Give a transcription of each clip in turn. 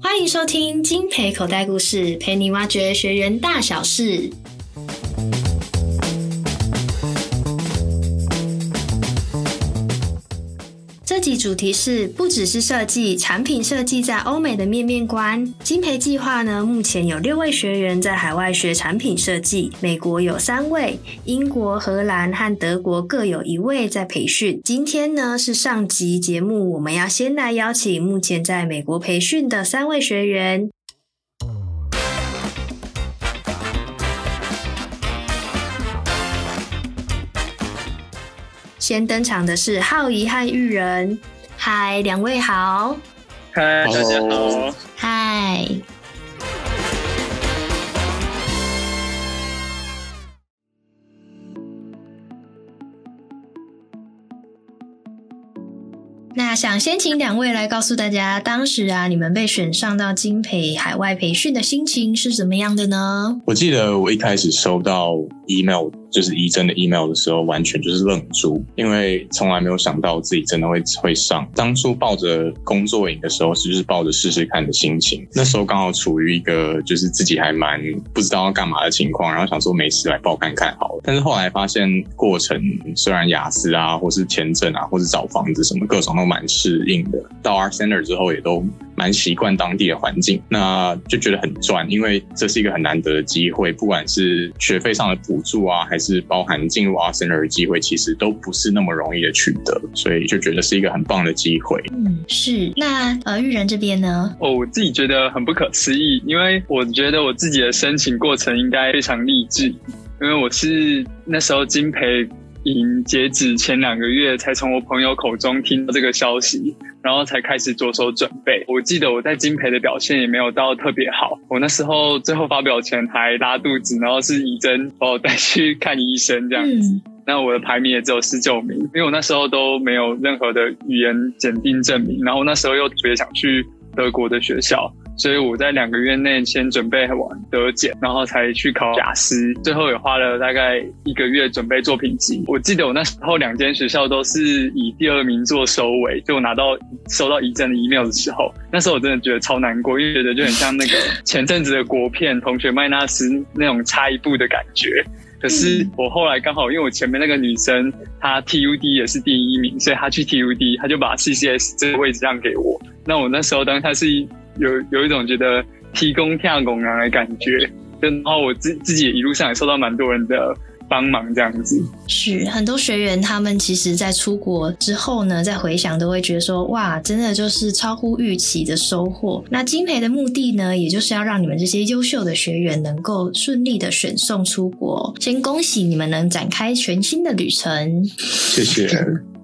歡迎收聽《菁培口袋故事》，陪你挖掘學員大小事。主題是不只是設計，產品設計在歐美的面面觀。菁培計劃呢，目前有六位學員在海外學產品設計，美國有三位，英國、荷蘭和德國各有一位在培訓。今天呢是上集節目，我們要先來邀請目前在美國培訓的三位學員。先登場的是浩頤和郁仁，嗨，兩位好。嗨，大家好，嗨 Hi。那想先請兩位來告訴大家，當時啊，你們被選上到菁培海外培訓的心情是怎麼樣的呢？我記得我一開始收到 email。就是一真的 email 的時候，完全就是愣住，因為從來沒有想到自己真的會會上。當初抱着工作營的時候，其實就是抱着試試看的心情。那時候剛好處於一個就是自己還蠻不知道要幹嘛的情況，然後想說沒事來報看看好了。但是後來發現過程雖然雅思啊，或是簽證啊，或是找房子什麼，各種都蠻適應的。到 ArtCenter 之後，也都蠻習慣當地的環境，那就覺得很賺，因為這是一個很難得的機會，不管是學費上的補助啊，還是是包含進入阿森爾的機會，其實都不是那麼容易的取得，所以就覺得是一個很棒的機會。嗯，是。那呃，郁仁這邊呢？哦，我自己覺得很不可思議，因為我覺得我自己的申請過程應該非常勵志，因為我是那時候菁培。已截止，前兩個月才從我朋友口中聽到這個消息，然後才開始着手準備。我記得我在菁培的表現也沒有到特別好，我那時候最後發表前還拉肚子，然後是怡珍把我帶去看醫生這樣子。嗯、那我的排名也只有十九名，因為我那時候都沒有任何的語言檢定證明，然後那時候又特別想去德國的學校。所以我在兩個月內先準備完德檢，然後才去考雅思，最後也花了大概一個月準備作品集。我記得我那時候兩間學校都是以第二名做收尾，就我拿到收到一針的 email 的時候，那時候我真的覺得超難過，因為覺得就很像那個前陣子的國片同學麥娜絲那種差一步的感覺。可是我後來剛好因為我前面那個女生她 TUD 也是第一名，所以她去 TUD，她就把 CCS 這個位置讓給我。那我那時候當下是。有有一種覺得提供跳拱人的感覺，然後我自自己也一路上也受到蠻多人的幫忙。這樣子是很多學員他們其實在出國之後呢，再回想都會覺得說哇，真的就是超乎預期的收穫。那菁培的目的呢，也就是要讓你們這些優秀的學員能夠順利的選送出國。先恭喜你們能展開全新的旅程，謝謝。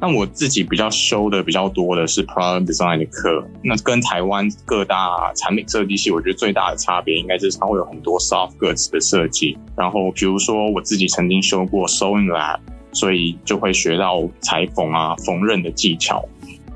那我自己比較修的比較多的是 product design 的課，那跟台灣各大產品設計系，我覺得最大的差別應該是它會有很多 soft goods 的設計，然後比如說我自己曾經修過 sewing lab，所以就會學到裁縫啊縫紉的技巧。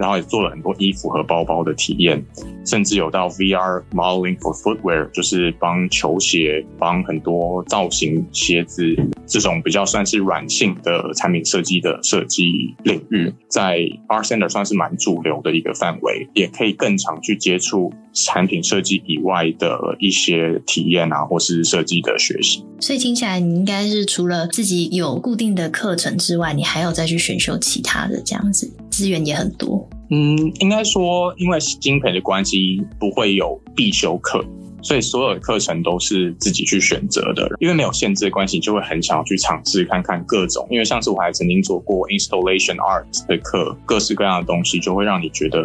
然後也做了很多衣服和包包的體驗，甚至有到 VR modeling for footwear，就是幫球鞋、幫很多造型鞋子這種比較算是軟性的產品設計的設計領域，在 ArtCenter 算是蠻主流的一個範圍，也可以更常去接觸產品設計以外的一些體驗啊，或是設計的學習。所以聽起來，你應該是除了自己有固定的課程之外，你還要再去選修其他的這樣子，資源也很多。嗯，應該說，因為菁培的關係，不會有必修課，所以所有的課程都是自己去選擇的。因為沒有限制的關係，你就會很想要去嘗試看看各種。因為上次我還曾經做過 installation art 的課，各式各樣的東西就會讓你覺得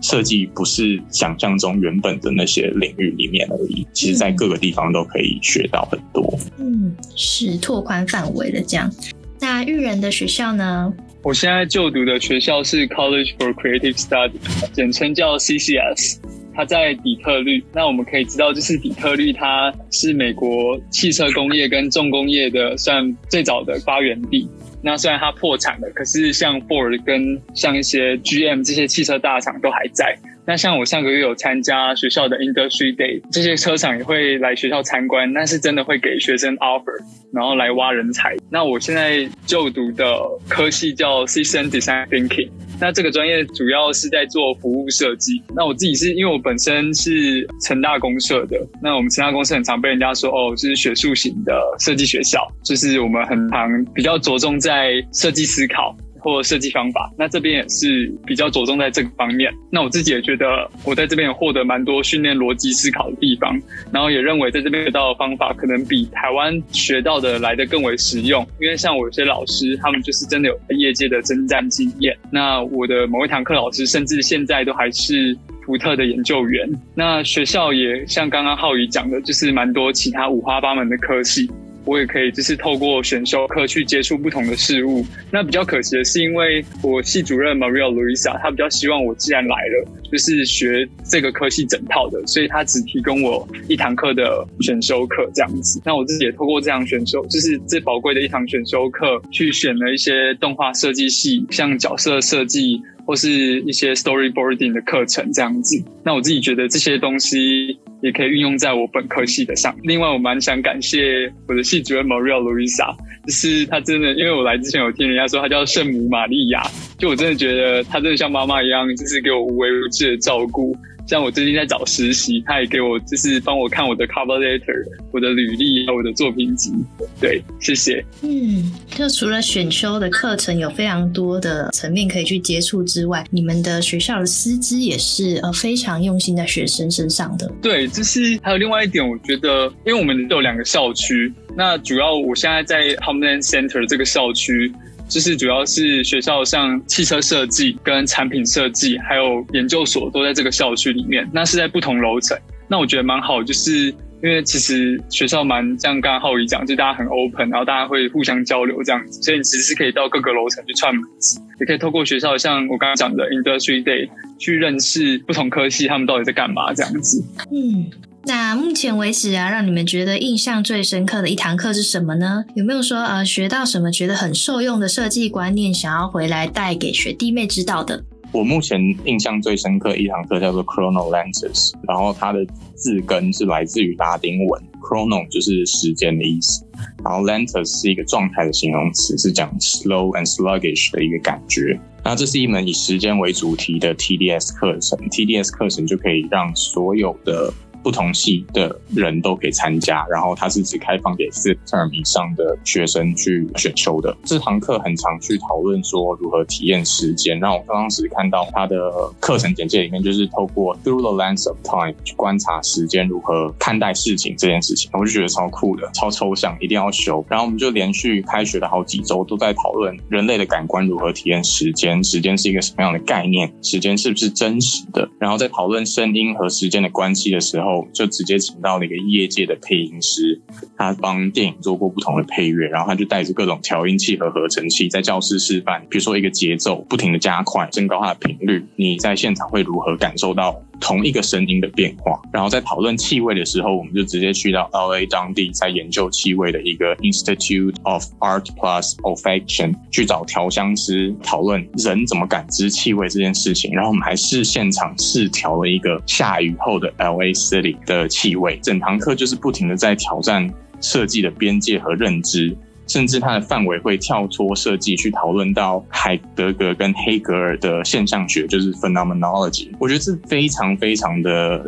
設計不是想象中原本的那些領域裡面而已。其實在各個地方都可以學到很多。嗯，是拓寬範圍的這樣。那郁仁的學校呢？我現在就讀的學校是 College for Creative Studies，簡稱叫 CCS，它在底特律。那我們可以知道，就是底特律，它是美國汽車工業跟重工業的算最早的發源地。那雖然它破產了，可是像 Ford 跟像一些 GM 這些汽車大廠都還在。那像我上個月有參加學校的 Industry Day，這些車廠也會來學校參觀，但是真的會給學生 offer，然後來挖人才。那我現在就讀的科系叫 System Design Thinking，那這個專業主要是在做服務設計。那我自己是因為我本身是成大公社的，那我們成大公社很常被人家說哦，就是學術型的設計學校，就是我們很常比較着重在設計思考，或設計方法，那這邊也是比較着重在這個方面。那我自己也覺得，我在這邊也獲得蠻多訓練邏輯思考的地方，然後也認為在這邊學到的方法，可能比台灣學到的來得更為實用。因為像我有些老師，他們就是真的有業界的征戰經驗。那我的某一堂課老師，甚至現在都還是福特的研究員。那學校也像剛剛浩頤講的，就是蠻多其他五花八門的科系。我也可以就是透過選修課去接觸不同的事物。那比較可惜的是，因為我系主任 Maria Luisa 她比較希望我既然來了，就是學這個科系整套的，所以她只提供我一堂課的選修課這樣子。那我自己也透過這樣選修，就是最寶貴的一堂選修課，去選了一些動畫設計系，像角色設計或是一些 Storyboarding 的課程這樣子。那我自己覺得這些東西。也可以運用在我本科系的上。另外，我蠻想感謝我的系主任 Maria Luisa，就是她真的，因為我來之前有聽人家說她叫聖母瑪利亞，就我真的覺得她真的像媽媽一樣，就是給我無微不至的照顧。像我最近在找實習，他也給我就是幫我看我的 cover letter、我的履歷還有我的作品集。對，謝謝。嗯，就除了選修的課程有非常多的層面可以去接觸之外，你們的學校的師資也是呃非常用心在學生身上的。對，就是還有另外一點，我覺得因為我們只有兩個校區，那主要我現在在 Homeland Center 這個校區。就是主要是學校像汽車設計跟產品設計，還有研究所都在這個校區裡面，那是在不同樓層。那我覺得蠻好，就是因為其實學校蠻像剛剛浩頤講，就大家很 open，然後大家會互相交流這樣子，所以你其實是可以到各個樓層去串門子，也可以透過學校像我剛剛講的 industry day 去認識不同科系他們到底在幹嘛這樣子。嗯。那目前為止啊，讓你們覺得印象最深刻的一堂課是什麼呢？有沒有說呃，學到什麼覺得很受用的設計觀念，想要回來帶給學弟妹知道的？我目前印象最深刻的一堂課叫做 Chrono Lentes，然後它的字根是來自於拉丁文，Chrono 就是時間的意思，然後 Lentes 是一個狀態的形容詞，是講 slow and sluggish 的一個感覺。那這是一門以時間為主題的 TDS 課程，TDS 課程就可以讓所有的。不同系的人都可以參加，然後他是只開放給四 term 以上的學生去選修的。這堂課很常去討論說如何體驗時間。然後我剛剛只看到他的課程簡介裡面，就是透過 through the lens of time 去觀察時間如何看待事情這件事情，我就覺得超酷的，超抽象，一定要修。然後我們就連續開學的好幾週都在討論人類的感官如何體驗時間，時間是一個什麼樣的概念，時間是不是真實的？然後在討論聲音和時間的關係的時候。就直接請到了一個業界的配音師，他幫電影做過不同的配樂，然後他就帶着各種調音器和合成器在教室示範，比如說一個節奏不停的加快，升高它的頻率，你在現場會如何感受到？同一個聲音的變化，然後在討論氣味的時候，我們就直接去到 L A 當地，在研究氣味的一個 Institute of Art Plus Olfaction 去找調香師討論人怎麼感知氣味這件事情。然後我們還是現場試調了一個下雨後的 L A City 的氣味。整堂課就是不停的在挑戰設計的邊界和認知。甚至它的範圍會跳脫設計，去討論到海德格跟黑格爾的現象學，就是 phenomenology。我覺得是非常非常的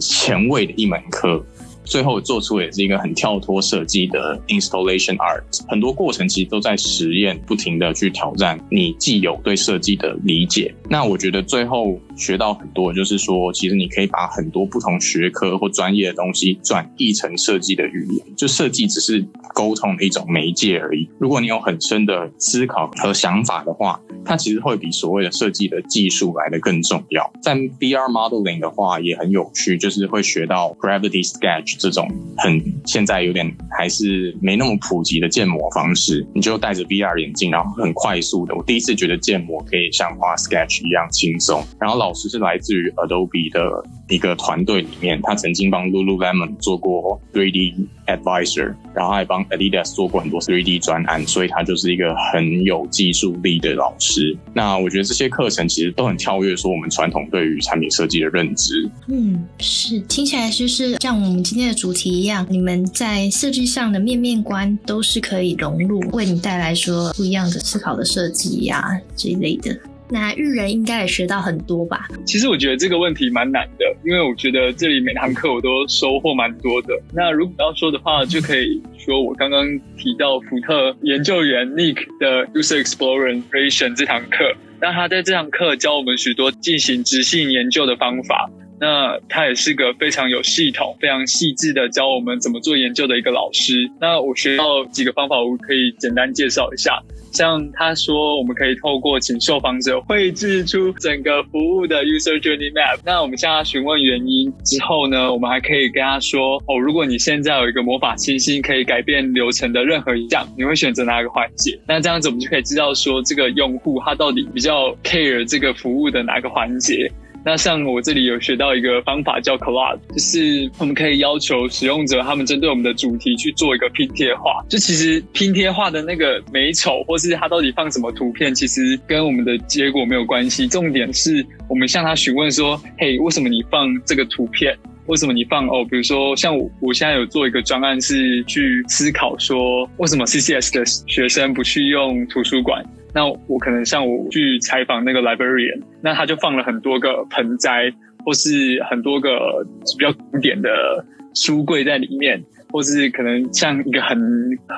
前衛的一門課。最後做出也是一個很跳脫設計的 installation art。很多過程其實都在實驗，不停的去挑戰你既有對設計的理解。那我覺得最後。學到很多，就是說，其實你可以把很多不同學科或專業的東西轉譯成設計的語言，就設計只是溝通的一種媒介而已。如果你有很深的思考和想法的話，它其實會比所謂的設計的技術來的更重要。但 VR modeling 的話也很有趣，就是會學到 Gravity Sketch 這種很現在有點還是沒那麼普及的建模方式。你就戴着 VR 眼鏡，然後很快速的，我第一次覺得建模可以像畫 Sketch 一樣輕鬆。然後老。老師是來自於 Adobe 的一個團隊裡面，他曾經幫 Lululemon 做過 3D Advisor，然後還幫 Adidas 做過很多 3D 專案，所以他就是一個很有技術力的老師。那我覺得這些課程其實都很跳躍，說我們傳統對於產品設計的認知。嗯，是，聽起來就是像我們今天的主題一樣，你們在設計上的面面觀都是可以融入，為你帶來說不一樣的思考的設計呀這一類的。那郁仁應該也學到很多吧？其實我覺得這個問題蠻難的，因為我覺得這裡每堂課我都收穫蠻多的。那如果要說的話，就可以說我剛剛提到福特研究員 Nick 的 User Exploration 這堂課，那他在這堂課教我們許多進行質性研究的方法。那他也是個非常有系統、非常細緻的教我們怎麼做研究的一個老師。那我學到幾個方法，我可以簡單介紹一下。像他說，我們可以透過請受訪者繪製出整個服務的 user journey map。那我們向他詢問原因之後呢，我們還可以跟他說：“哦，如果你現在有一個魔法星星，可以改變流程的任何一項，你會選擇哪個環節？”那這樣子我們就可以知道說，這個用戶他到底比較 care 這個服務的哪個環節。那像我這裡有學到一個方法叫 Cloud，就是我們可以要求使用者他們針對我們的主題去做一個拼貼畫。就其實拼貼畫的那個美醜，或是他到底放什麼圖片，其實跟我們的結果沒有關係。重點是我們向他詢問說：嘿，為什麼你放這個圖片？為什麼你放哦？比如說，像我我現在有做一個專案是去思考說，為什麼 CCS 的學生不去用圖書館？那我可能像我去採訪那個 librarian，那他就放了很多個盆栽，或是很多個比較古典的書櫃在裡面。或是可能像一個很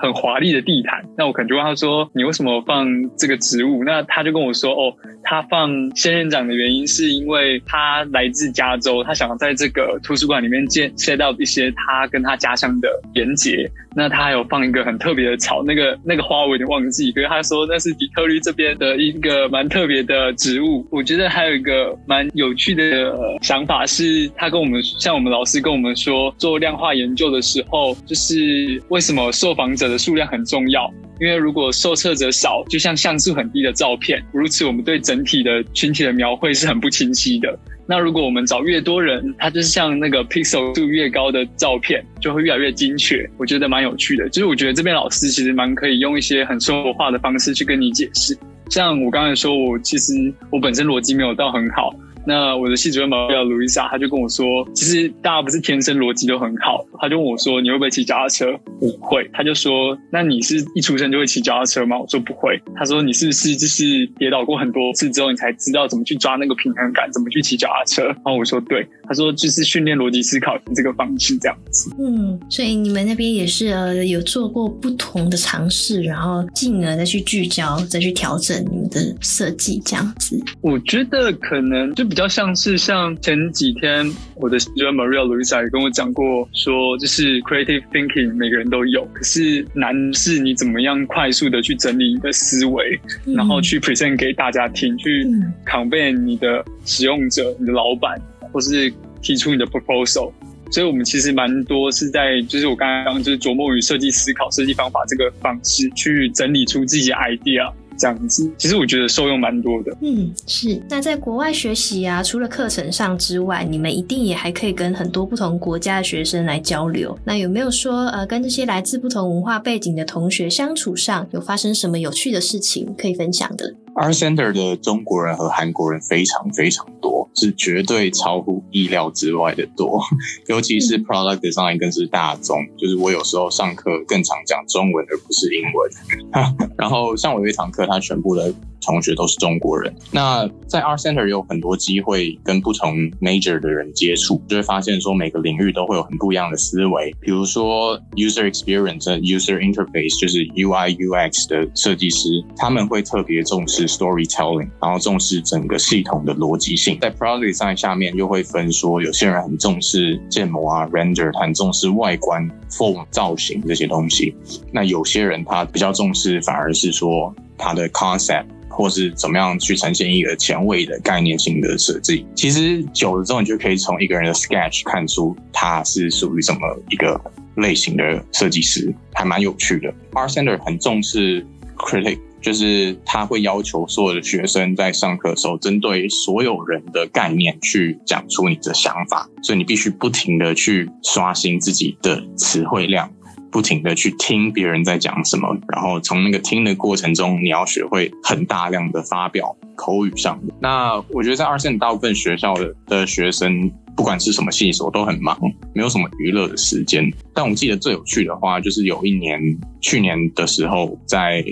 很華麗的地毯，那我可能就問他說：“你為什麼放這個植物？”那他就跟我說：“哦，他放仙人掌的原因是因為他來自加州，他想要在這個圖書館裡面見，見到一些他跟他家鄉的連結。”那他還有放一個很特別的草，那個那個花我已經忘記，可是他說那是底特律這邊的一個蠻特別的植物。我覺得還有一個蠻有趣的想法是，他跟我們，像我們老師跟我們說，做量化研究的時候。就是為什麼受訪者的數量很重要？因為如果受測者少，就像，像像素很低的照片，如此我們對整體的群體的描繪是很不清晰的。那如果我們找越多人，他就是像那個 pixel 度越高的照片，就會越來越精確。我覺得蠻有趣的。就是我覺得這邊老師其實蠻可以用一些很生活化的方式去跟你解釋。像我剛才說，我其實我本身邏輯沒有到很好。那我的系主任朋友叫盧伊莎，他就跟我說，其實大家不是天生邏輯都很好。他就問我說，你會不會騎腳踏車？我會。他就說，那你是一出生就會騎腳踏車嗎？我說不會。他說，你是不是就是跌倒過很多次之後，你才知道怎麼去抓那個平衡感，怎麼去騎腳踏車。然後我說，對。他說，就是訓練邏輯思考的這個方式，這樣子。嗯，所以你們那邊也是呃有做過不同的嘗試，然後進而再去聚焦，再去調整你們的設計，這樣子。我覺得可能就比較像是像前幾天我的學生 Maria Louisa 也跟我講過，說就是 creative thinking 每個人都有，可是難是你怎麼樣快速的去整理你的思維，嗯、然後去 present 給大家聽，去 convince 你的使用者、嗯、你的老闆。或是提出你的 proposal，所以我們其實蠻多是在，就是我剛剛就是琢磨於設計思考、設計方法這個方式去整理出自己的 idea，這樣子，其實我覺得受用蠻多的。嗯，是。那在國外學習啊，除了課程上之外，你們一定也還可以跟很多不同國家的學生來交流。那有沒有說，呃，跟這些來自不同文化背景的同學相處上有發生什麼有趣的事情可以分享的？ArtCenter 的中國人和韓國人非常非常多，是絕對超乎意料之外的多。尤其是 product design 更是大宗，就是我有時候上課更常講中文而不是英文。 然後像我有一堂課，他全部的同學都是中國人，那在 Art Center 有很多機會跟不同 major 的人接觸，就會發現說，每個領域都會有很不一樣的思維。比如說 user experience 和 user interface，就是 UI UX 的設計師，他們會特別重視 storytelling，然後重視整個系統的邏輯性。在 product design 下面又會分說，有些人很重視建模啊 render，很重視外觀 form、造型這些東西。那有些人他比較重視反而是說他的 concept。或是怎麼樣去呈現一個前衛的概念性的設計，其實久了之後，你就可以從一個人的 sketch 看出他是屬於什麼一個類型的設計師，還蠻有趣的。ArtCenter 很重視 critique，就是他會要求所有的學生在上課的時候，針對所有人的概念去講出你的想法，所以你必須不停的去刷新自己的詞彙量。不停地去聽別人在講什麼，然後從那個聽的過程中，你要學會很大量的發表口語上面。那我覺得在二線大部分學校的的學生，不管是什麼系，質，我都很忙，沒有什麼娛樂的時間。但我記得最有趣的話，就是有一年去年的時候，在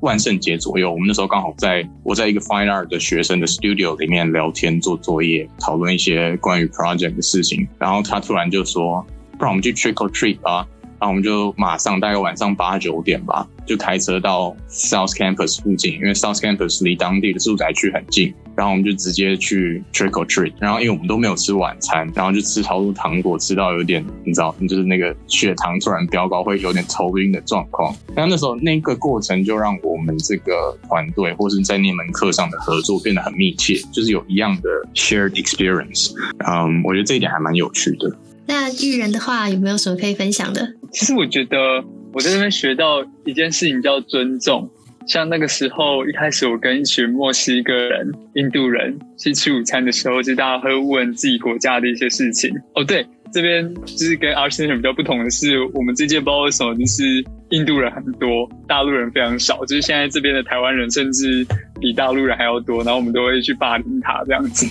萬聖節左右，我們那時候剛好在我在一個 fine art 的學生的 studio 裡面聊天、做作業、討論一些關於 project 的事情，然後他突然就說：“不然我們去 trick or treat 吧。”然後、啊、我們就馬上大概晚上八九點吧，就開車到 South Campus 附近，因為 South Campus 離當地的住宅區很近。然後我們就直接去 Trick or Treat。然後因為我們都沒有吃晚餐，然後就吃超多糖果，吃到有點你知道，就是那個血糖突然飆高，會有點頭暈的狀況。那那時候那個過程就讓我們這個團隊或是在那門課上的合作變得很密切，就是有一樣的 shared experience。嗯、um，我覺得這一點還蠻有趣的。那郁仁的話，有沒有什麼可以分享的？其實我覺得我在這邊學到一件事情叫尊重。像那個時候一開始我跟一群墨西哥人、印度人去吃午餐的時候，就大家會問自己國家的一些事情。哦，對，這邊就是跟 r g n 比較不同的是，我們這屆不知道為什麼就是。印度人很多，大陸人非常少，就是現在這邊的台灣人甚至比大陸人還要多，然後我們都會去霸凌他這樣子。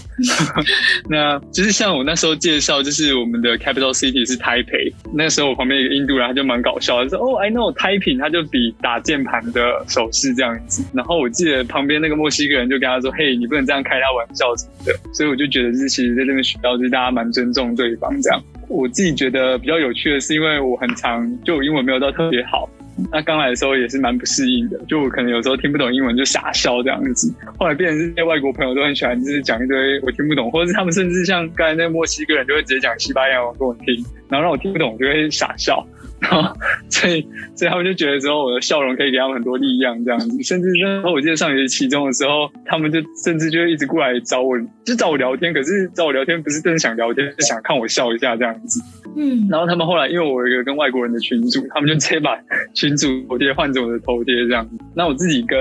那就是像我那時候介紹，就是我們的 capital city 是台北。那時候我旁邊一個印度人，他就蠻搞笑，他說哦、oh,，I know typing，他就比打鍵盤的手勢這樣子。然後我記得旁邊那個墨西哥人就跟他說，嘿、hey,，你不能這樣開他玩笑什麼的。所以我就覺得就是其實在那邊學到，就是大家蠻尊重對方這樣。我自己覺得比較有趣的是，因為我很長就我英文沒有到特別好，那剛來的時候也是蠻不適應的，就我可能有時候聽不懂英文就傻笑這樣子。後來變成是那些外國朋友都很喜歡，就是講一堆我聽不懂，或者是他們甚至像剛才那墨西哥人就會直接講西班牙文給我聽，然後讓我聽不懂就會傻笑。然後，所以，所以他們就覺得說我的笑容可以給他們很多力量，這樣子。甚至說我記得上學期中的時候，他們就甚至就一直過來找我，就找我聊天。可是找我聊天不是真的想聊天，是想看我笑一下這樣子。嗯。然後他們後來，因為我有一個跟外國人的群組，他們就直接把群組頭貼換成我的頭貼這樣子。那我自己跟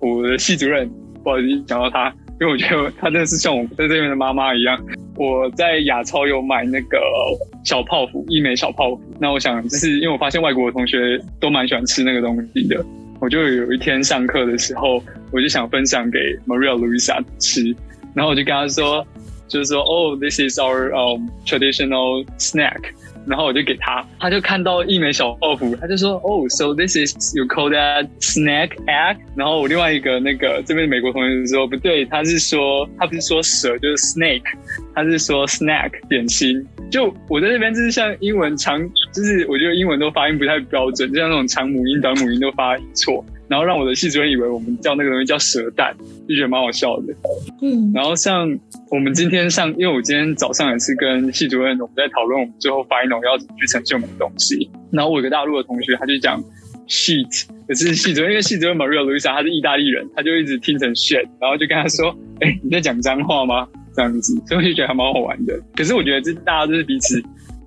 我的系主任，不好意思，講到他。因為我覺得她真的是像我在這邊的媽媽一樣。我在亞超，有買那個小泡芙，一枚小泡芙。那我想，就是因為我發現外國的同學都蠻喜歡吃那個東西的。我就有一天上課的時候，我就想分享給 Maria Luisa 吃，然後我就跟她說。就是說，哦，this is our um traditional snack，然後我就給他，他就看到一枚小泡芙，他就說，哦，so this is you call that snack egg，然後我另外一個那個這邊的美國同學就說，不對，他是說他不是說蛇就是 snake，他是說 snack 點心，就我在這邊就是像英文長，就是我覺得英文都發音不太標準，就像那種長母音短母音都發音錯。然後讓我的系主任以為我們叫那個東西叫蛇蛋，就覺得蠻好笑的。嗯。然後像我們今天上，因為我今天早上也是跟系主任我們在討論我們最後 final 要去呈現我們的東西。然後我有個大陸的同學他就講 shit，可是系主任因為系主任 Maria Luisa 他是意大利人，他就一直聽成 shit，然後就跟他說：“哎、欸，你在講髒話嗎？”這樣子，所以我就覺得還蠻好玩的。可是我覺得這大家都是彼此，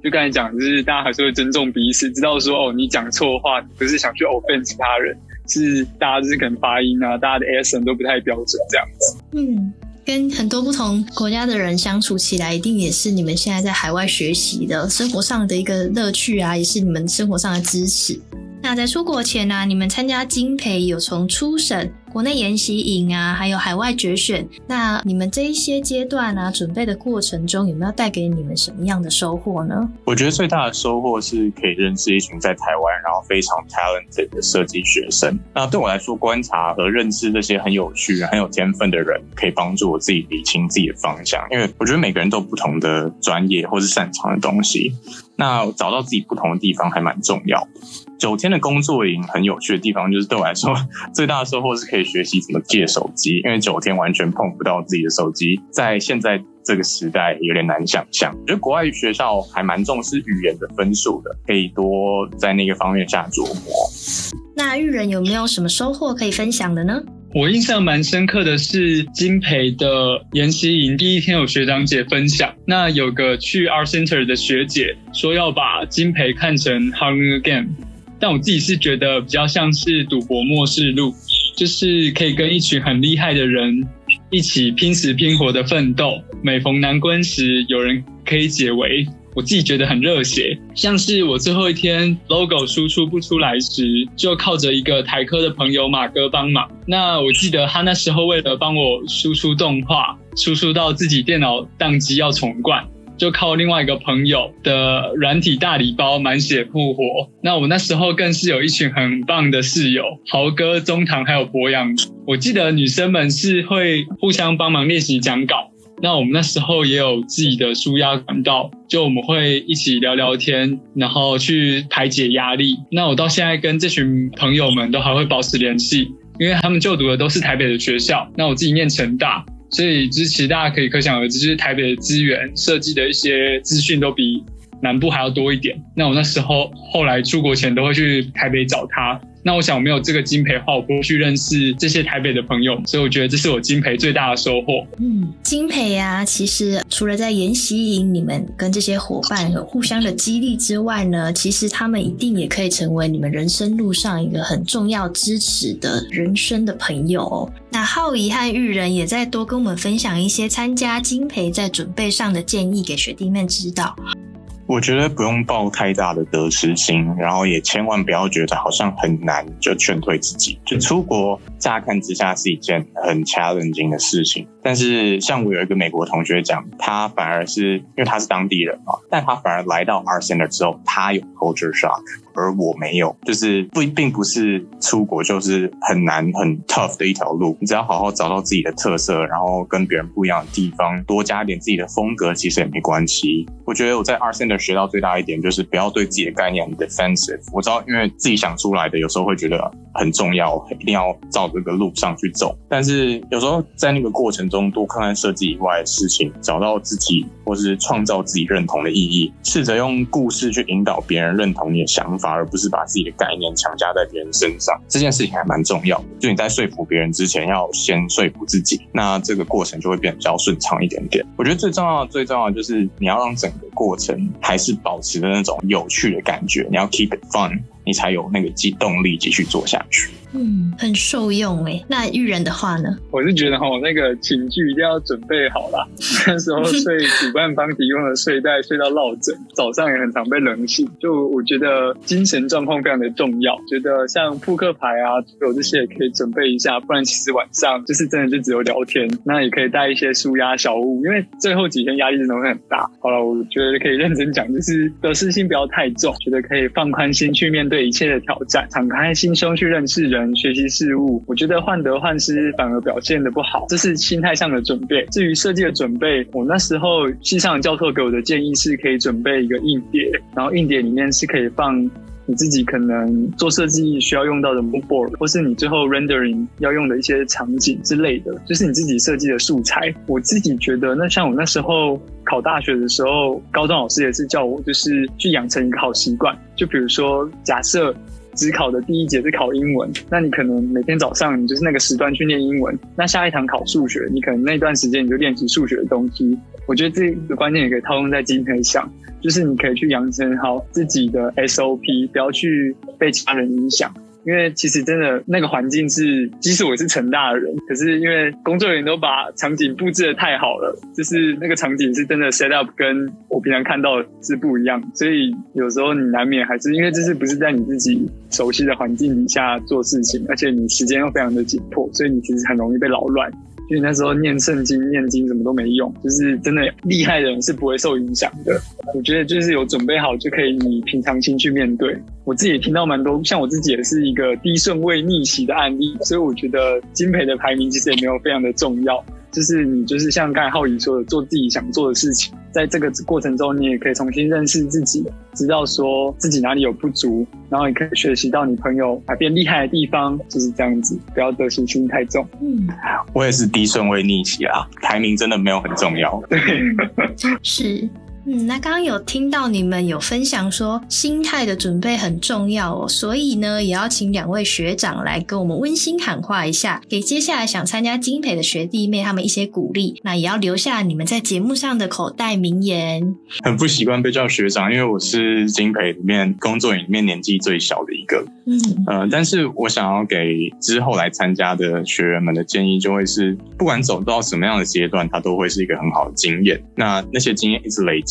就剛才講，就是大家還是會尊重彼此，知道說哦，你講錯話你不是想去 offend 其他人。是大家就是可能發音啊，大家的 accent 都不太標準這樣子。嗯，跟很多不同國家的人相處起來，一定也是你們現在在海外學習的生活上的一個樂趣啊，也是你們生活上的支持。那在出國前呢、啊，你們參加精培有從初審。國內研習營啊，還有海外決選，那你們這一些階段啊，準備的過程中有沒有帶給你們什麼樣的收穫呢？我覺得最大的收穫是可以認識一群在台灣，然後非常 talented 的設計學生。那對我來說，觀察和認識這些很有趣、很有天分的人，可以幫助我自己理清自己的方向。因為我覺得每個人都有不同的專業或是擅長的東西，那找到自己不同的地方還蠻重要的九天的工作營很有趣的地方，就是對我來說最大的收穫是可以學習怎麼借手機，因為九天完全碰不到自己的手機，在現在這個時代有點難想象。我覺得國外學校還蠻重視語言的分數的，可以多在那個方面下琢磨。那郁仁有沒有什麼收穫可以分享的呢？我印象蠻深刻的是菁培的研習營第一天有學長姐分享，那有個去 ArtCenter 的學姐說要把菁培看成 Hunger Games。但我自己是覺得比較像是賭博默示錄，就是可以跟一群很厲害的人一起拼死拼活的奮鬥，每逢難關時有人可以解圍，我自己覺得很熱血。像是我最後一天 logo 輸出不出來時，就靠着一個台科的朋友馬哥幫忙。那我記得他那時候為了幫我輸出動畫，輸出到自己電腦當機要重灌。就靠另外一個朋友的軟體大禮包滿血復活。那我那時候更是有一群很棒的室友，豪哥、中堂還有博洋。我記得女生們是會互相幫忙練習講稿。那我們那時候也有自己的紓壓管道，就我們會一起聊聊天，然後去排解壓力。那我到現在跟這群朋友們都還會保持聯繫，因為他們就讀的都是台北的學校。那我自己念成大。所以其實大家可以可想而知，就是台北的資源、設計的一些資訊都比南部還要多一點。那我那時候，後來出國前都會去台北找他。那我想我沒有這個菁培的話，我不會去認識這些台北的朋友，所以我覺得這是我菁培最大的收穫。嗯，菁培啊，其實除了在研習營，你們跟這些夥伴有互相的激勵之外呢，其實他們一定也可以成為你們人生路上一個很重要支持的人生的朋友哦。那浩頤和郁仁也在多跟我們分享一些參加菁培在準備上的建議，給學弟妹指導。我覺得不用抱太大的得失心，然後也千萬不要覺得好像很難就勸退自己。就出國，乍看之下是一件很 i 人精的事情。但是像我有一個美國同學講，他反而是因為他是當地人嘛，但他反而來到 ArtCenter 之後，他有 culture shock，而我沒有，就是不並不是出國就是很難很 tough 的一條路，你只要好好找到自己的特色，然後跟別人不一樣的地方，多加一點自己的風格，其實也沒關係。我覺得我在 ArtCenter 學到最大一點就是不要對自己的概念很 defensive。我知道因為自己想出來的，有時候會覺得很重要，一定要照這個路上去走，但是有時候在那個過程中。中多看看設計以外的事情，找到自己或是創造自己認同的意義。試着用故事去引導別人認同你的想法，而不是把自己的概念強加在別人身上。這件事情還蠻重要，就你在說服別人之前，要先說服自己，那這個過程就會變比較順暢一點點。我覺得最重要的、最重要的就是你要讓整個過程還是保持着那種有趣的感覺，你要 keep it fun，你才有那個機動力繼續做下去。嗯，很受用哎。那育人的話呢？我是覺得吼、哦，那個情緒一定要準備好啦。那時候睡主辦方提供的睡袋、睡到落枕，早上也很常被冷醒。就我覺得精神狀況非常的重要，覺得像撲克牌啊，有這些也可以準備一下，不然其實晚上就是真的就只有聊天。那也可以帶一些舒壓小物，因為最後幾天壓力真的會很大。好了，我覺得可以認真講，就是得失心不要太重，覺得可以放寬心去面對一切的挑戰，敞開心胸去認識人。學習事物，我覺得患得患失反而表現得不好，這是心態上的準備。至於設計的準備，我那時候系上教授給我的建議是，可以準備一個硬碟，然後硬碟裡面是可以放你自己可能做設計需要用到的 mood board 或是你最後 rendering 要用的一些場景之類的，就是你自己設計的素材。我自己覺得，那像我那時候考大學的時候，高中老師也是叫我，就是去養成一個好習慣，就比如說假設。只考的第一節是考英文，那你可能每天早上你就是那個時段去念英文。那下一堂考數學，你可能那段時間你就練習數學的東西。我覺得這個觀念也可以套用在菁培上，就是你可以去養成好自己的 SOP，不要去被其他人影響。因為其實真的那個環境是，即使我也是成大的人，可是因為工作人員都把場景布置得太好了，就是那個場景是真的 set up 跟我平常看到的是不一樣，所以有時候你難免還是因為這次不是在你自己熟悉的環境底下做事情，而且你時間又非常的緊迫，所以你其實很容易被擾亂。因為那時候念聖經、念經什麼都沒用，就是真的厲害的人是不會受影響的。我覺得就是有準備好就可以以平常心去面對。我自己也聽到蠻多，像我自己也是一個低順位逆襲的案例，所以我覺得菁培的排名其實也沒有非常的重要。就是你，就是像剛才浩頤說的，做自己想做的事情，在這個過程中，你也可以重新認識自己，知道說自己哪裡有不足，然後也可以學習到你朋友改變厲害的地方，就是這樣子，不要得失心，心太重。嗯，我也是低順位逆襲啊，排對名真的沒有很重要。對，是。 嗯，那剛剛有聽到你們有分享說心態的準備很重要哦，所以呢，也要請兩位學長來跟我們溫馨喊話一下，給接下來想參加菁培的學弟妹他們一些鼓勵。那也要留下你們在節目上的口袋名言。很不習慣被叫學長，因為我是菁培裡面、嗯、工作裡面年紀最小的一個。嗯，呃，但是我想要給之後來參加的學員們的建議，就會是不管走到什麼樣的階段，他都會是一個很好的經驗。那那些經驗一直累積。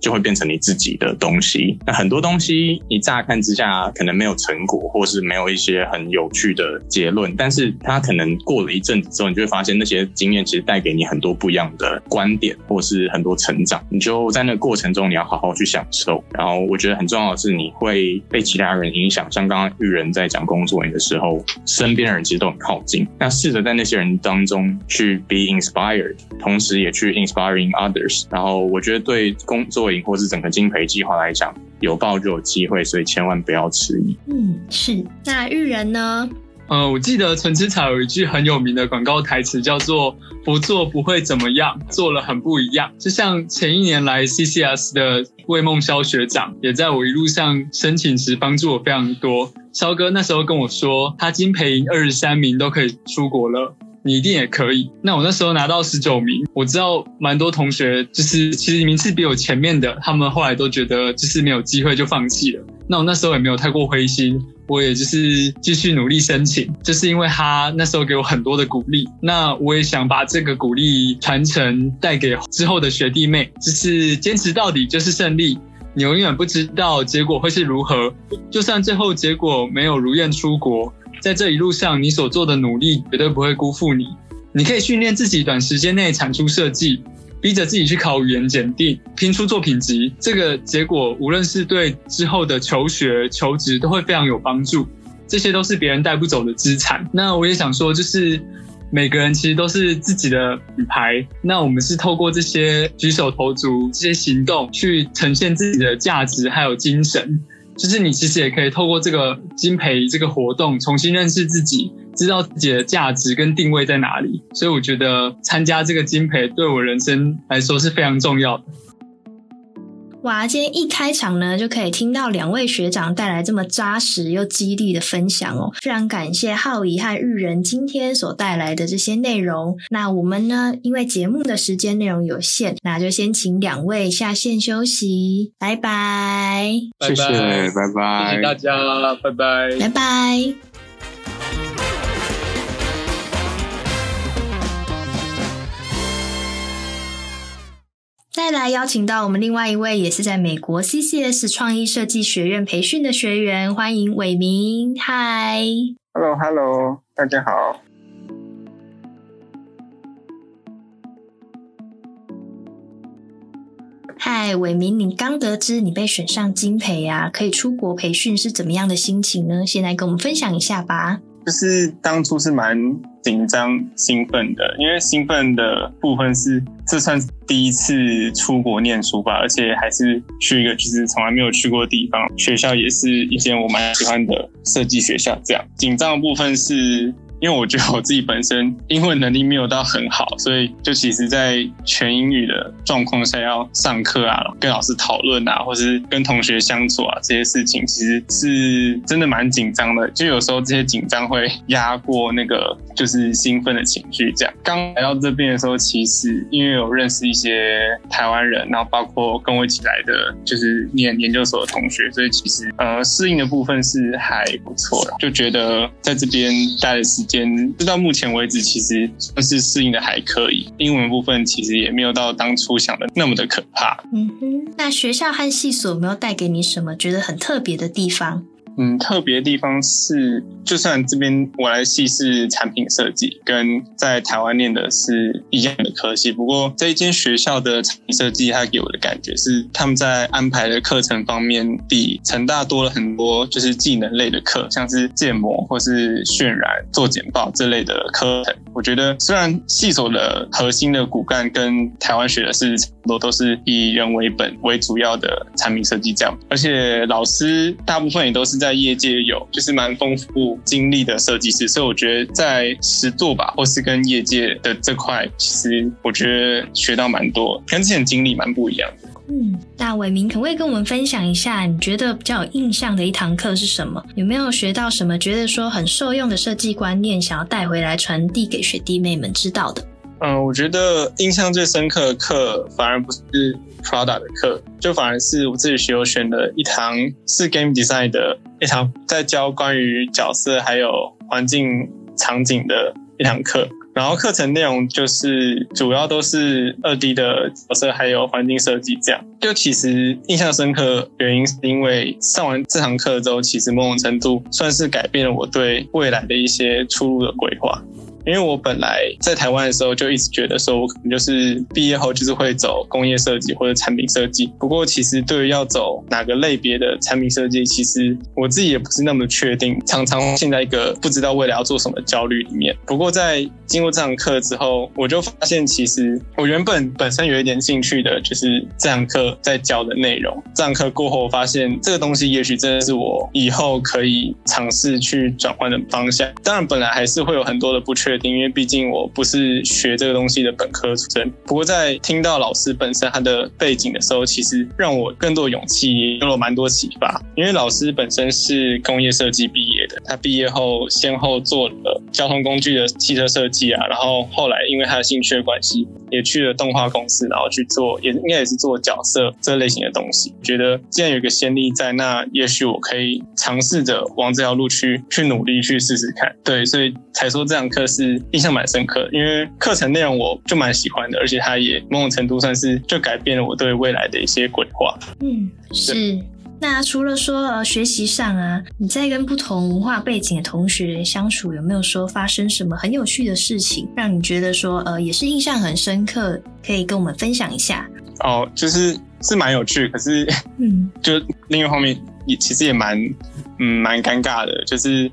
就會變成你自己的東西。那很多東西你乍看之下可能沒有成果，或是沒有一些很有趣的結論，但是它可能過了一陣子之後，你就會發現那些經驗其實帶給你很多不一樣的觀點，或是很多成長。你就在那個過程中，你要好好去享受。然後我覺得很重要的是，你會被其他人影響。像剛剛郁仁在講工作的時候，身邊的人其實都很靠近。那試着在那些人當中去 be inspired，同時也去 inspiring others。然後我覺得對工作。或者是整個菁培計畫來講，有報就有機會，所以千萬不要遲疑。嗯，是。那郁仁呢？呃，我記得純喫茶有一句很有名的廣告台詞，叫做“不做不會怎麼樣，做了很不一樣”。就像前一年來 CCS 的魏夢瀟學長，也在我一路上申請時幫助我非常多。蕭哥那時候跟我說，他菁培二十三名都可以出國了。你一定也可以。那我那時候拿到十九名，我知道蠻多同學就是其實名次比我前面的，他們後來都覺得就是沒有機會，就放棄了。那我那時候也沒有太過灰心，我也就是繼續努力申請，就是因為他那時候給我很多的鼓勵。那我也想把這個鼓勵傳承帶給之後的學弟妹，就是堅持到底就是勝利。你永遠不知道結果會是如何，就算最後結果沒有如願出國。在這一路上，你所做的努力絕對不會辜負你。你可以訓練自己短時間內產出設計，逼着自己去考語言檢定，拼出作品集。這個結果無論是對之後的求學、求職都會非常有幫助。這些都是別人帶不走的資產。那我也想說，就是每個人其實都是自己的品牌。那我們是透過這些舉手投足、這些行動去呈現自己的價值還有精神。就是你其實也可以透過這個菁培這個活動重新認識自己，知道自己的價值跟定位在哪裡。所以我覺得參加這個菁培對我人生來說是非常重要的。哇，今天一開場呢，就可以聽到兩位學長帶來這麼紮實又激勵的分享哦，非常感謝浩頤和郁仁今天所帶來的這些內容。那我們呢，因為節目的時間內容有限，那就先請兩位下線休息，拜拜。拜拜謝謝，拜拜，謝謝大家啦，拜拜，拜拜。接下來邀請到我們另外一位，也是在美國 CCS 創意設計學院培訓的學員，歡迎偉珉。Hi，Hello，Hello，hello, 大家好。嗨，偉珉，你剛得知你被選上菁培呀、啊，可以出國培訓，是怎麼樣的心情呢？先來跟我們分享一下吧。就是當初是蠻緊張興奮的，因為興奮的部分是這算是第一次出國念書吧，而且還是去一個就是從來沒有去過的地方，學校也是一間我蠻喜歡的設計學校這樣，緊張的部分是因為我覺得我自己本身英文能力沒有到很好，所以就其實，在全英語的狀況下要上課啊，跟老師討論啊，或是跟同學相處啊，這些事情其實是真的蠻緊張的。就有時候這些緊張會壓過那個就是興奮的情緒。這樣剛來到這邊的時候，其實因為我認識一些台灣人，然後包括跟我一起來的，就是念研究所的同學，所以其實呃適應的部分是還不錯的。就覺得在這邊待的時間。直到目前為止，其實算是適應的還可以。英文部分其實也沒有到當初想的那麼的可怕。嗯哼，那學校和系所有沒有帶給你什麼覺得很特別的地方？嗯，特別的地方是，就算這邊我來細是產品設計，跟在台灣念的是一樣的科系，不過這一間學校的產品設計，它給我的感覺是，他們在安排的課程方面比成大多了很多，就是技能類的課，像是建模或是渲染、做簡報這類的課程。我覺得雖然系所的核心的骨幹跟台灣學的是差不多，都是以人為本為主要的產品設計這樣，而且老師大部分也都是在業界有就是蠻豐富經歷的設計師，所以我覺得在實作吧，或是跟業界的這塊，其實我覺得學到蠻多，跟之前經歷蠻不一樣的。嗯，那偉珉可不可以跟我們分享一下，你覺得比較有印象的一堂課是什麼？有沒有學到什麼，覺得說很受用的設計觀念，想要帶回來傳遞給學弟妹們知道的？嗯，我覺得印象最深刻的課，反而不是 product 的課，就反而是我自己學我選的一堂是 Game Design 的一堂，在教關於角色還有環境場景的一堂課。然後課程內容就是主要都是二 D 的角色，還有環境設計這樣。就其實印象深刻原因是因為上完這堂課之後，其實某種程度算是改變了我對未來的一些出路的規劃。因為我本來在台灣的時候就一直覺得說，我可能就是畢業後就是會走工業設計或者產品設計。不過其實對於要走哪個類別的產品設計，其實我自己也不是那麼確定，常常陷在一個不知道未來要做什麼的焦慮裡面。不過在經過這堂課之後，我就發現其實我原本本身有一點興趣的就是這堂課在教的內容。這堂課過後，我發現這個東西也許真的是我以後可以嘗試去轉換的方向。當然本來還是會有很多的不確決定，因為畢竟我不是學這個東西的本科出身。不過在聽到老師本身他的背景的時候，其實讓我更多勇氣，也有了蠻多啟發。因為老師本身是工業設計畢業的，他畢業後先後做了交通工具的汽車設計啊，然後後來因為他的興趣的關係，也去了動畫公司，然後去做，也應該也是做角色這類型的東西。覺得既然有一個先例在，那也許我可以嘗試着往這條路去去努力去試試看。對，所以才說這堂課是，是印象蠻深刻，因為課程內容我就蠻喜歡的，而且它也某種程度算是就改變了我對未來的一些規劃。嗯，是。對那除了說呃學習上啊，你在跟不同文化背景的同學相處，有沒有說發生什麼很有趣的事情，讓你覺得說呃也是印象很深刻，可以跟我們分享一下？哦，就是是蠻有趣，可是嗯，就另外一方面也其實也蠻嗯蠻尷尬的，就是。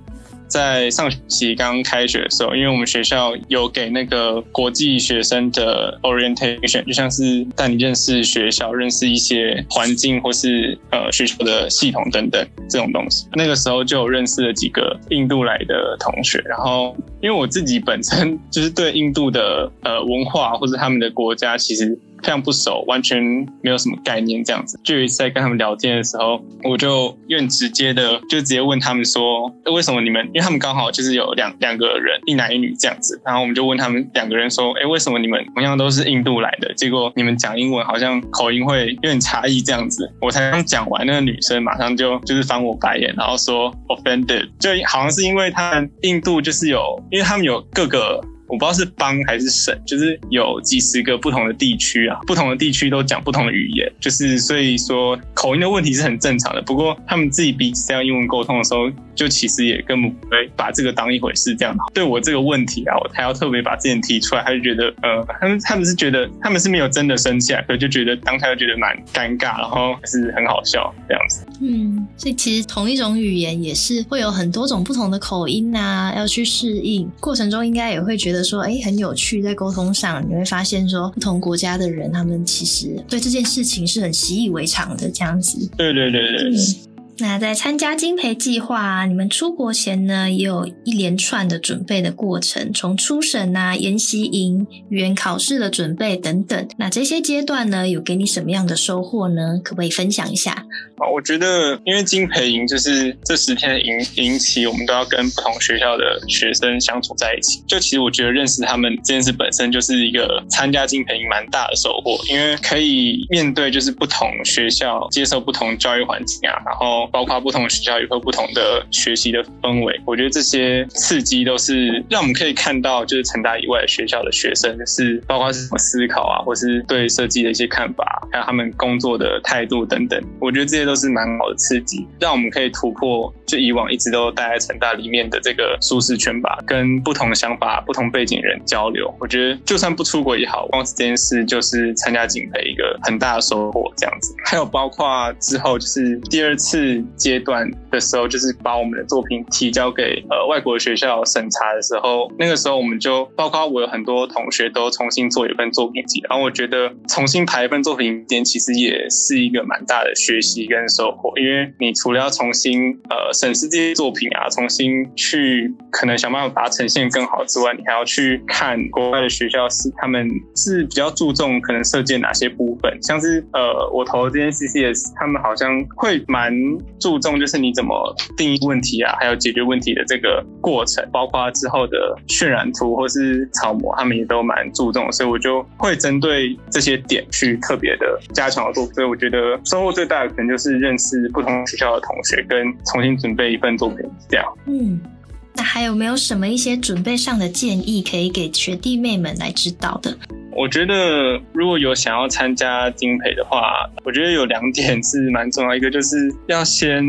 在上學期剛剛開學的時候，因為我們學校有給那個國際學生的 orientation，就像是帶你認識學校、認識一些環境或是呃學校的系統等等這種東西。那個時候就有認識了幾個印度來的同學，然後因為我自己本身就是對印度的呃文化或者他們的國家其實。非常不熟，完全沒有什麼概念，這樣子。就有一次在跟他們聊天的時候，我就有點直接的，就直接問他們說，欸、為什麼你們？因為他們剛好就是有兩兩個人，一男一女這樣子。然後我們就問他們兩個人說，哎、欸，為什麼你們同樣都是印度來的，結果你們講英文好像口音會有點差異這樣子。我才剛講完，那個女生馬上就就是翻我白眼，然後說 offended，就好像是因為他們印度就是有，因為他們有各個。我不知道是邦還是省，就是有幾十個不同的地區啊，不同的地區都講不同的語言，就是所以說口音的問題是很正常的。不過他們自己彼此這樣英文溝通的時候，就其實也根本不會把這個當一回事。這樣，對我這個問題啊，我還要特別把這件提出來，他就覺得，呃，他們他們是覺得他們是沒有真的生氣啊，可就覺得當下又覺得蠻尷尬，然後還是很好笑這樣子。嗯，所以其實同一種語言也是會有很多種不同的口音啊，要去適應過程中應該也會覺得。說哎，很有趣，在溝通上你會發現，說不同國家的人，他們其實對這件事情是很習以為常的這樣子。對對對對。嗯那在參加菁培計劃啊，你們出國前呢，也有一連串的準備的過程，從初審啊、研習營、語言考試的準備等等。那這些階段呢，有給你什麼樣的收穫呢？可不可以分享一下？啊，我覺得，因為菁培營就是這十天的營營期，我們都要跟不同學校的學生相處在一起。就其實我覺得認識他們這件事本身就是一個參加菁培營蠻大的收穫，因為可以面對就是不同學校、接受不同教育環境啊，然後。包括不同的學校也會不同的學習的氛圍，我覺得這些刺激都是讓我們可以看到，就是成大以外的學校的學生就是包括是什麼思考啊，或是對設計的一些看法，還有他們工作的態度等等。我覺得這些都是蠻好的刺激，讓我們可以突破就以往一直都待在成大裡面的這個舒適圈吧，跟不同的想法、不同背景人交流。我覺得就算不出國也好，光是這件事就是參加菁培一個很大的收穫。這樣子，還有包括之後就是第二次階段的時候，就是把我們的作品提交給呃外國學校審查的時候，那個時候我們就包括我有很多同學都重新做一份作品集，然後我覺得重新排一份作品集其實也是一個蠻大的學習跟收穫，因為你除了要重新呃審視這些作品啊，重新去可能想辦法把它呈現更好之外，你還要去看國外的學校是他們是比較注重可能設計哪些部分，像是呃我投的這件 CCS，他們好像會蠻。注重就是你怎麼定義問題啊，還有解決問題的這個過程，包括之後的渲染圖或是草模，他們也都蠻注重，所以我就會針對這些點去特別的加強做。所以我覺得收穫最大的可能就是認識不同學校的同學，跟重新準備一份作品這樣。嗯。那還有沒有什麼一些準備上的建議可以給學弟妹們來指導的？我覺得如果有想要參加菁培的話，我覺得有兩點是蠻重要的，一個就是要先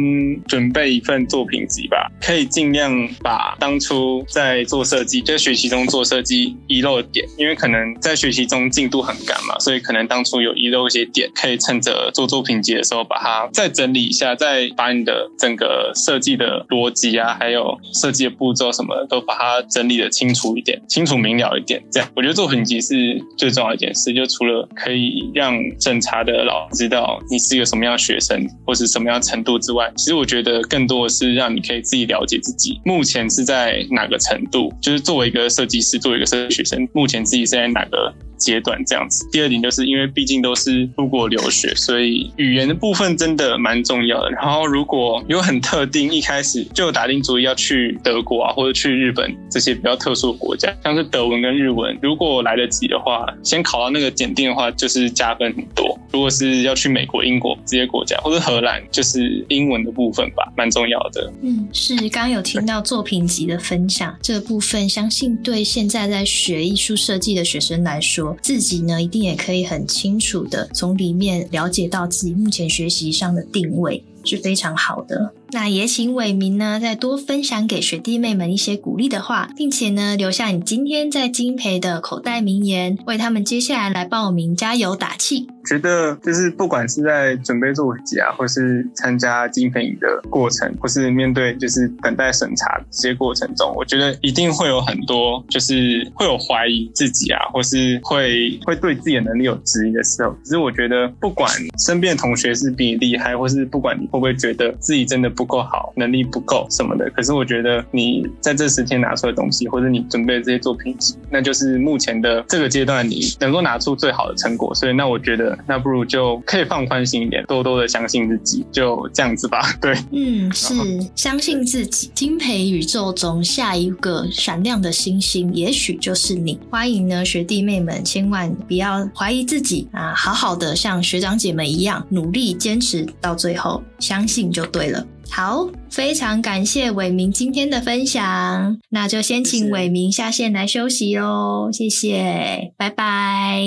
準備一份作品集吧，可以儘量把當初在做設計、在學習中做設計遺漏的點，因為可能在學習中進度很趕嘛，所以可能當初有遺漏一些點，可以趁着做作品集的時候把它再整理一下，再把你的整個設計的邏輯啊，還有設計。步驟什麼，都把它整理的清楚一點，清楚明了一點，這樣我覺得做作品集是最重要一件事。就除了可以讓審查的老師知道你是一個什麼樣學生，或者什麼樣程度之外，其實我覺得更多的是讓你可以自己了解自己，目前是在哪個程度。就是作為一個設計師，作為一個設計學生，目前自己是在哪個。階段這樣子。第二點就是因為畢竟都是出國留學，所以語言的部分真的蠻重要的。然後如果有很特定，一開始就有打定主意要去德國啊，或者去日本這些比較特殊的國家，像是德文跟日文，如果來得及的話，先考到那個檢定的話，就是加分很多。如果是要去美國、英國這些國家，或者荷蘭，就是英文的部分吧，蠻重要的。嗯，是。剛剛有聽到作品集的分享對這部分，相信對現在在學藝術設計的學生來說，自己呢，一定也可以很清楚的從裡面了解到自己目前學習上的定位，是非常好的。那也請偉珉呢再多分享給學弟妹們一些鼓勵的話，並且呢留下你今天在菁培的口袋名言，為他們接下來來報名加油打氣。覺得就是不管是在準備作品集啊，或是參加菁培營的過程，或是面對就是等待審查的這些過程中，我覺得一定會有很多就是會有懷疑自己啊，或是會會對自己的能力有質疑的時候。只是我覺得不管身邊的同學是比你厲害，或是不管你會不會覺得自己真的。不夠好，能力不夠什麼的，可是我覺得你在這十天拿出來的東西，或者你準備這些作品集，那就是目前的這個階段你能夠拿出最好的成果。所以那我覺得，那不如就可以放寬心一點，多多的相信自己，就這樣子吧。對，嗯，後是相信自己，菁培宇宙中下一個閃亮的星星，也許就是你。歡迎呢，學弟妹們，千萬不要懷疑自己啊，好好的像學長姐們一樣努力堅持到最後，相信就對了。好，非常感謝偉珉今天的分享，那就先請偉珉下線來休息哦，謝謝，謝謝，拜拜。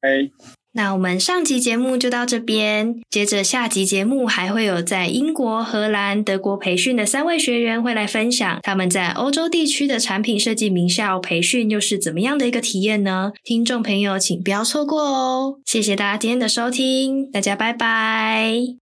嘿那我們上集節目就到這邊，接着下集節目還會有在英國、荷蘭、德國培訓的三位學員會來分享他們在歐洲地區的產品設計名校培訓又是怎麼樣的一個體驗呢？聽眾朋友，請不要錯過哦，謝謝大家今天的收聽，大家拜拜。